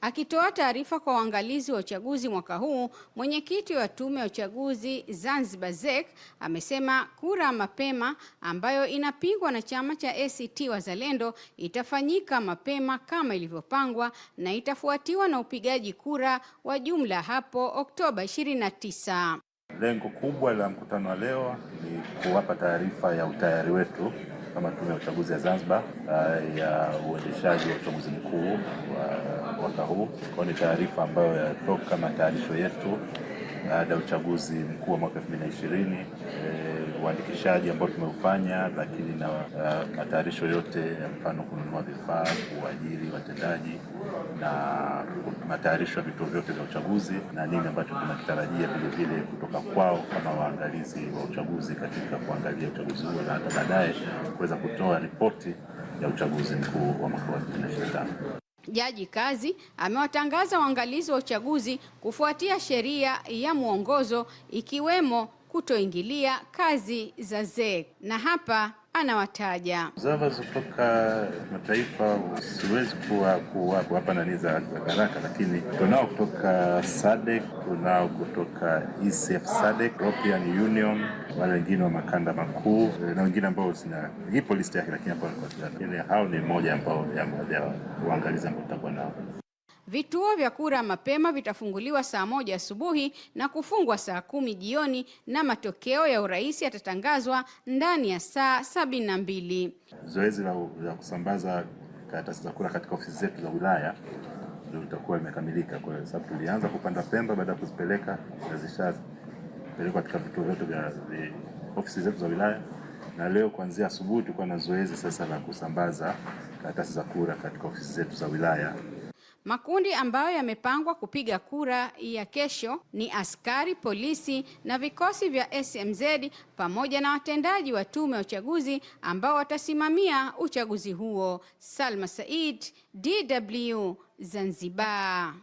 Akitoa taarifa kwa uangalizi wa uchaguzi mwaka huu, mwenyekiti wa tume ya uchaguzi Zanzibar ZEC amesema kura mapema ambayo inapigwa na chama cha ACT Wazalendo itafanyika mapema kama ilivyopangwa na itafuatiwa na upigaji kura wa jumla hapo Oktoba 29. Lengo kubwa la mkutano wa leo ni kuwapa taarifa ya utayari wetu kama Tume ya Uchaguzi ya Zanzibar uh, ya uendeshaji wa uchaguzi mkuu wa mwaka huu. Kwa ni taarifa ambayo yatoka kama taarifa yetu baada ya uchaguzi mkuu wa mwaka 2020 eh, uandikishaji ambao tumeufanya, lakini na uh, matayarisho yote ya mfano kununua vifaa, kuajiri watendaji na matayarisho ya vituo vyote vya uchaguzi na nini ambacho tunakitarajia vilevile kutoka kwao kama waangalizi wa uchaguzi katika kuangalia uchaguzi huo na hata baadaye kuweza kutoa ripoti ya uchaguzi mkuu wa mwaka wa 2025. Jaji Kazi amewatangaza waangalizi wa uchaguzi kufuatia sheria ya mwongozo ikiwemo kutoingilia kazi za ZEC na hapa anawataja observers kutoka mataifa, siwezi kuwapa nani za haraka, lakini tunao kutoka SADC, tunao kutoka ECF SADC, European Union, wale wengine wa makanda makuu na wengine ambao zina ipo list yake, lakini hao ni moja ambao uangalizi ambao tutakuwa nao. Vituo vya kura mapema vitafunguliwa saa moja asubuhi na kufungwa saa kumi jioni na matokeo ya urais yatatangazwa ndani ya saa sabini na mbili. Zoezi la kusambaza karatasi za kura katika ofisi zetu za wilaya ndio litakuwa limekamilika, kwa sababu tulianza kupanda Pemba, baada ya kuzipeleka na zishapelekwa katika vituo vyote vya ofisi zetu za wilaya, na leo kuanzia asubuhi tulikuwa na zoezi sasa la kusambaza karatasi za kura katika ofisi zetu za wilaya. Makundi ambayo yamepangwa kupiga kura ya kesho ni askari polisi na vikosi vya SMZ pamoja na watendaji wa tume ya uchaguzi ambao watasimamia uchaguzi huo. Salma Said, DW, Zanzibar.